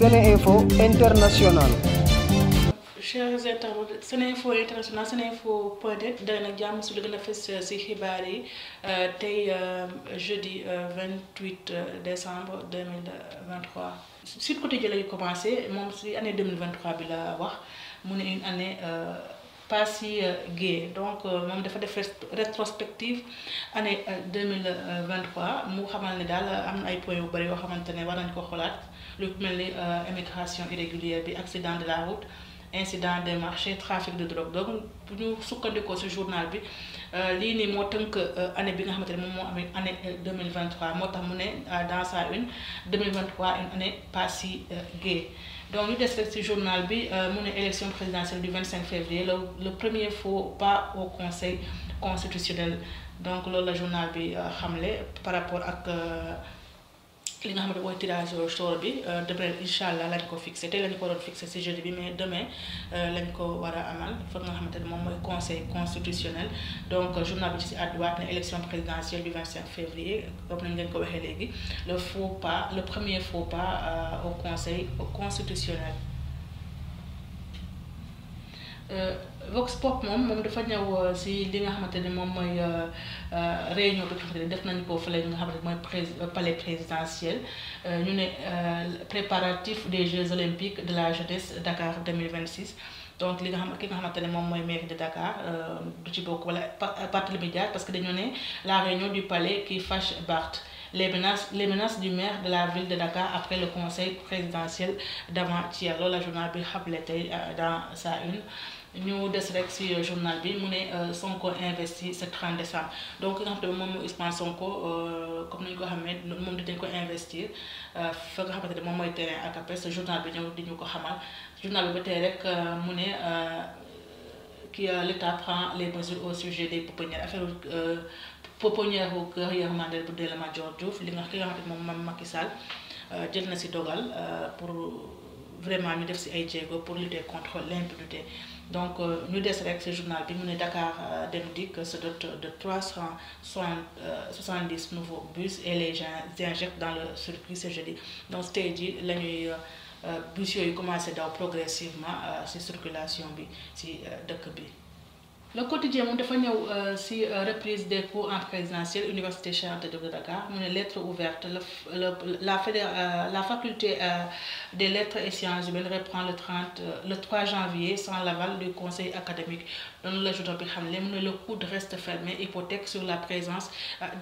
Sénéinfo International. chers internautes Sénéinfo International Sénéinfo point net dal nag jàmm su lu gën a fës euh, ci xibaar yi euh, tey euh, jeudi 28 décembre 2023 Sud Quotidien lañu commencé moom ci année 2023 bi la wax mu ne une année pas si gay donc moom dafa def rétrospective année 2023 mu xamal ne daal am na ay points yu bari yoo xamante ne war nañ ko xoolaat lu mel ni euh, immigration irrégulière bi accident de la route incident des marchés trafic de drogue donc bu ñu sukkandikoo ci journal bi euh, lii nii moo tënk euh, année bi nga xamante ne moom moo amee année 2023 moo tax mu ne dans sa une 2023 une année pas si gaie donc ñu des rek ci journal bi mu ne élection présidentielle du 25 février le le premier faux pas au conseil constitutionnel donc loolu la journal bi xamle par rapport ak. li nga xamante mooy tirage au bi euh, demain incha allah lañ ko fixé tey lañ ko waroon fixé ci jeudi bi mais demain euh, lañ ko war a amal fa nga xamante ne moom mooy conseil constitutionnel donc euh, journal bi ci si àdduwaat na élection présidentielle du février comme nañ leen ko waxee léegi le faux pas le premier faux pas au conseil constitutionnel Euh, Vox Pop moom moom dafa ñëw euh, si li nga xamante ni moom mooy euh, réunion bi nga xamante ni def nañu ko fële nga xamante ni mooy palais présidentiel ñu ne préparatif de Jeux olympiques de la jeunesse Dakar 2026 donc li nga xam ki nga xamante ne moom mooy mairie de Dakar du ci bokk wala Barthélémy Dias parce que dañoo ne la réunion du palais qui fâche Barth les menaces les menaces du maire de la ville de Dakar après le conseil présidentiel d'avant-hier loolu la journal bi xamle tey dans sa ñu des rek si journal bi mu ne euh, Sonko investi ce 30 décembre donc nga xam te moom mooy Ousmane Sonko euh, comme ni ñu ko xamee moom dinañ ko investir euh, fa nga xamante ne moom mooy terrain ak après ce journal bi ñëw di ñu ko xamal journal bi ba tey rek mu ne kii l'État prend les mesures au sujet des pouponnières affaire pouponnière bu kër Yaya Mandel bu Ndella Madior jouf li nga ki nga xamante ne moom Macky Sall jël na si dogal pour. vraiment ñu def si ay jéego pour lutter contre l'impunité donc euh, ñu des rek si journal bi mu ne Dakar euh, Dem Dikk se dote de trois cent euh, soixante-dix nouveaux bus et les gens s'injectent dans le circuit ce jeudi donc tey jii la ñuy bus yooyu commencé daw progressivement si circulation bi si dëkk bi. le quotidien moom dafa ñëw ci euh, euh, reprise des cours en présentiel université Cheikh Anta Diop de Dakar mu ne lettre ouverte la la euh, la faculté des lettres et sciences humaines reprend le 30 le 3 janvier sans l'aval du conseil académique loolu la journal bi xam ne mu ne le coude reste fermé hypothèque sur la présence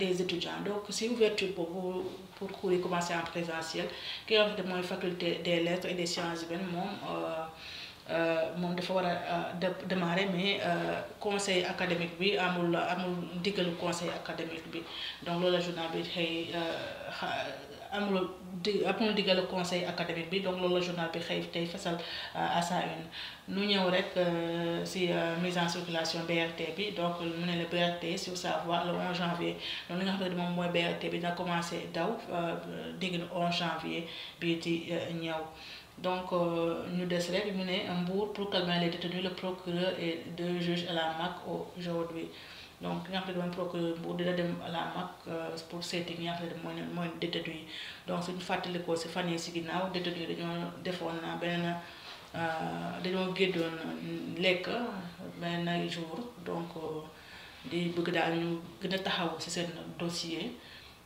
des étudiants donc ci ouverture boobu pour cours yi commencer en présentiel ki nga xamante mooy faculté des lettres et des sciences humaines moom. Euh, moom dafa war a euh, démarrer mais euh, conseil académique bi amul amul ndigalu conseil académique bi donc loolu la journal bi xëy di amul ndigalu conseil bi donc loolu la journal xëy tey fasal à sa nu ñëw rek si mise en circulation BRT bi donc mu ne la BRT sur sa voie le 11 janvier donc nga xam ne moom mooy BRT bi na commencé daw digg 11 janvier bii di ñëw. donc euh, ñu des rek ñu ne Mbour pour calmer les détenus le procureur et deux juges à la MAC aujourd'hui donc ki nga xam ne procureur Mbour dina dem à la euh, pour seeti ñi nga xam mooy mooy détenu donc suñu fàttalikoo si fan yi si ginnaaw détenu yi dañoo defoon na benn euh, dañoo géddoon lekk benn jour donc di bëgg daal ñu gën a taxaw si seen dossier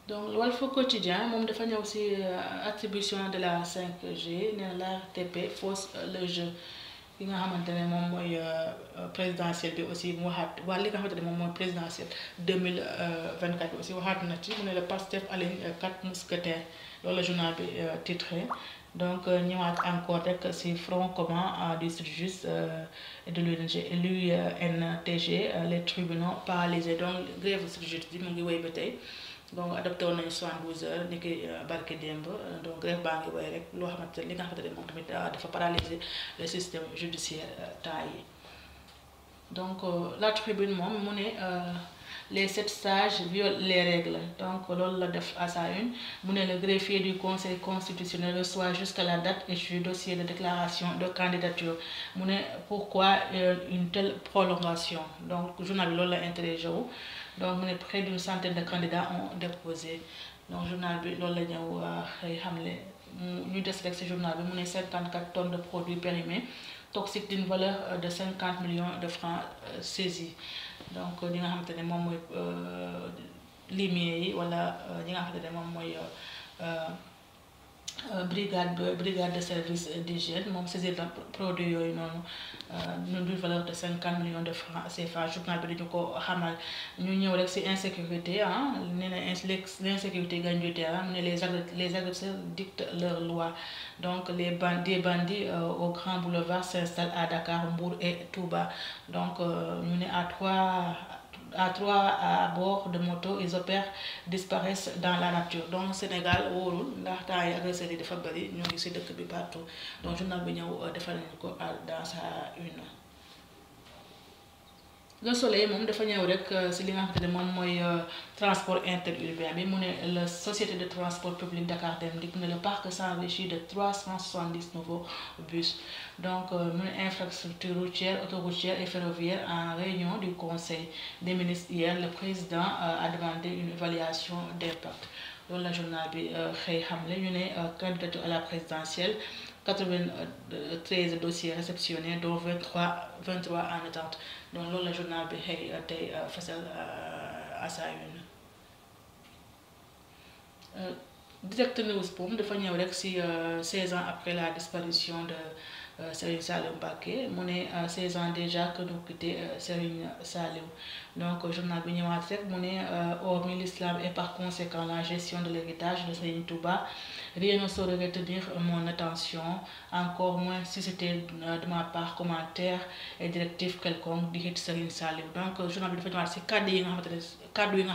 donc Walf Quotidien moom dafa ñëw ci euh, attribution de la 5G ne la RTP fausse euh, le jeu li nga xamante ne moom mooy euh, présidentielle bi aussi mu waxaat waa li nga xamante ne moom mooy présidentielle 2024 bi aussi waxaat na ci mu ne le Pastef aligne quatre mousquetaires loolu la journal bi titré donc ñëwaat encore rek ci front commun du SYTJUST et de l'UNTG les tribunaux paralysés donc grève SYTJUST bi mu ngi wéy ba tey donc adopté woon nañu soixante-douze heures euh, barki démb donc grève baa ngi woy rek loo xamante li nga xamante ne moom tamit euh, dafa paralyser le système judiciaire euh, temps yi donc moom mu ne les sept sages violent les règles donc loolu la def à une mu ne le greffier du conseil constitutionnel reçoit jusqu'à la date échue dossier de déclaration de candidature mu ne pourquoi une telle prolongation donc journal bi loolu la interrogé wu donc mu ne près d'une centaine de candidats ont déposé donc journal bi loolu la ñëw euh, xëy xamle ñu des rek ci journal bi mu ne 54 ton de produits périmés toxiques d'une valeur euh, de cinquante millions de francs euh, saisis donc ñi nga xamante ne moom mooy limier yi wala ñi nga xamante ne moom mooy. Euh, brigade brigade de service des jeunes moom saisir na produit yooyu noonu euh, d'une valeur de cinquante millions de francs CFA journal bi dañu ko xamal ñu ñëw rek ci insécurité ah nee na l'insécurité gagne du terrain mu ne les les agresseurs dictent leur loi donc les des bandits euh, au grand boulevard s'installent à Dakar Mbour et Touba donc ñu ne à trois à trois à bord de moto ils opèrent disparaissent dans la nature donc Sénégal wóorul ndax temps yi agresseurs yi dafa bëri ñu ngi si dëkk bi partout donc journal bi ñëw euh, defal nañu ko euh, dans sa une le soleil moom dafa ñëw rek euh, si li nga xamante ne moom mooy euh, transport interurbain bi mu ne la société de transport public Dakar Dem Dikk mu ne le parc s'enrichit de trois cent soixante-dix nouveaux bus donc euh, mu ne infrastructure routière autoroutière et ferroviaire en réunion du conseil des ministres hier le président a demandé une évaluation d'impact loolu la journal bi xëy xamle ñu ne candidature à la présidentielle 93 dossiers réceptionnés dont 23 23 en attente donc loolu la journal bi xëy euh, tey euh, fasal euh, à sa une Direct News moom dafa ñëw rek ci 16 ans après la disparition de Euh, Serigne Saliou Mbacké mu ne 16 euh, ans déjà que nous quitté euh, Serigne donc journal bi ñëwaat rek mu ne hormis l'islam et par gestion de l'héritage de Serigne Touba rien ne saurait retenir mon attention encore moins susciter de ma part commentaire et directive quelconque di donc journal bi dafa ñëwaat ci kàddu yi nga xamante ne kàddu yi nga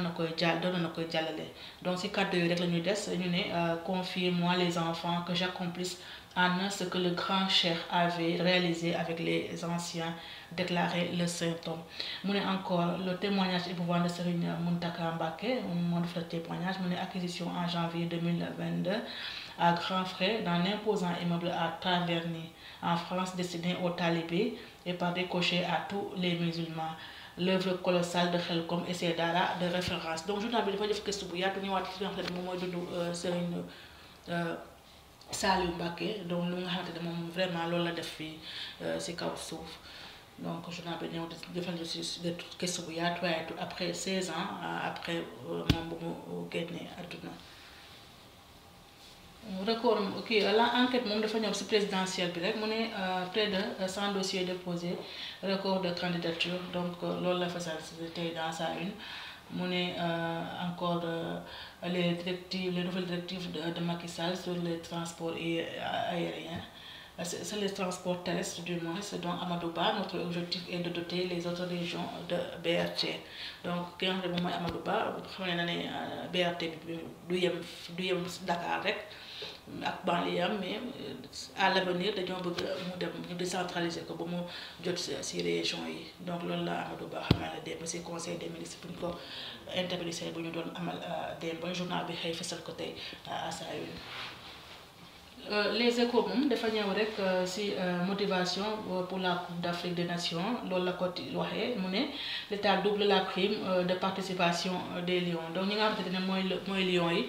na koy jàll doon na koy jàllale donc ci kàddu yooyu rek la des ñu ne confie-moi les enfants que j'accomplisse en un ce que le grand cher avait réalisé avec les anciens, déclarait le saint homme. Mon encore le témoignage éprouvant de Serine Muntaka Mbake, un monde de acquisition en janvier 2022 à grands frais dans l'imposant immeuble à Taverny, en France, destiné aux talibés et par décoché à tous les musulmans. l'œuvre colossale de Khelcom et dara de référence donc journal bi dafa def gëstu bu yaatu ñëwaat ci li nga xam ne Saliou Mbacké donc lu nga xamante ne moom vraiment loolu la def fii si euh, kaw suuf donc journal bi ñëw defal ñu si gëstu bu yaatu yaatu après 16 ans euh, après euh, moom bu mu génnee àdduna record kii la enquête moom dafa ñëw si présidentielle bi rek mu ne près de 100 dossiers déposés record de candidature donc loolu la fasal si tey dans sa une mu ne euh, encore euh, les directives les nouvelles directives de Macky Sall sur les transports euh, aériens sur les transports terrestres du moins c'est donc Amadou Ba notre objectif est de doter les autres régions de BRT donc ki nga xam ne moom mooy Amadou Ba xam ne na ne BRT du yem du yem Dakar rek ak banlieue am mais euh, à l'avenir dañoo bëgg mu dem ñu décentraliser ko ba mu jot si région yi donc loolu la Amadou Ba xamal na conseil des ministres bu ko interministériel bu ñu doon amal euh, démb journal bi xëy fësal ko tey à euh, les échos dafa ñëw rek ci motivation pour la coupe d'Afrique des nations loolu la ko waxee mu ne l'État double la prime de participation des lions donc ñi nga xamante ne mooy mooy lions yi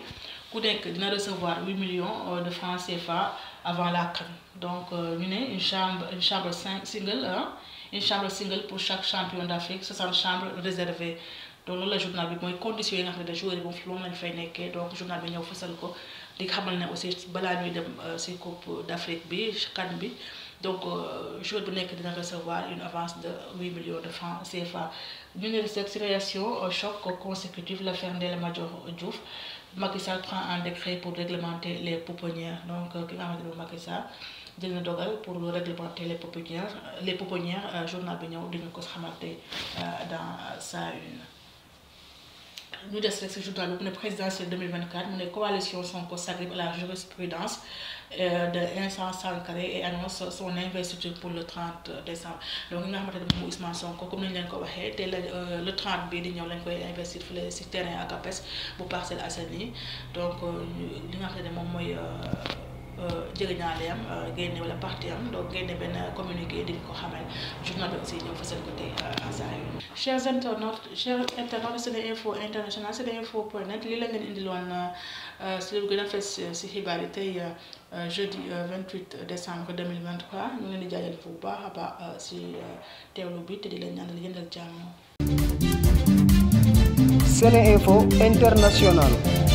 ku nekk dina recevoir huit millions euh, de francs CFA avant la CAN donc euh, ñu ne une chambre une chambre cinq single une chambre single pour chaque champion d'Afrique soixante chambres réservées donc loolu la journal bi mooy conditions yi nga xam ne joueurs yi moom fi moom lañ fay nekkee donc journal bi ñëw fësal ko di xamal ne aussi balaa ñuy dem si euh, coupe d'Afrique bi CAN bi donc joueur bu nekk dina recevoir une avance de huit millions de francs CFA ñu ne cette situation choc consécutive l'affaire Ndella Madior Diouf Macky Sall prend un décret pour réglementer les pouponnières donc euh, ki nga xamante ne Macky jël na dogal pour réglementer les pouponnières les pouponnières euh, journal bi ñëw dina ko xamante euh, dans sa une. ñu des rek si journal bu mu ne présidentielle 2024 mu ne coalition Sonko s'agrippe à la jurisprudence euh, de Vincent et annonce son investiture pour le 30 décembre donc ñi nga xamante ne moom Ousmane Sonko comme nañ leen ko waxee te la euh, le 30 bii di ñëw lañ koy investir fële si terrain Agapès bu Parcelles Assainies donc euh, li nga xamante ne moom mooy Euh, jëriñaaleem euh, génne wala parti am donc génne benn communiqué di nga ko xamal journal bi aussi ñëw fa seen côté saa yu. chers internautes chers internautes Sene Info International Sene Info point net lii la ngeen indiloon euh, si lu gën a fës si xibaar yi tey jeudi 28 décembre 2023 ñu ngi leen di jaajëfal bu baax a baax si teewlu bi te di leen ñaanal yëndal jàmm. Sene Info International.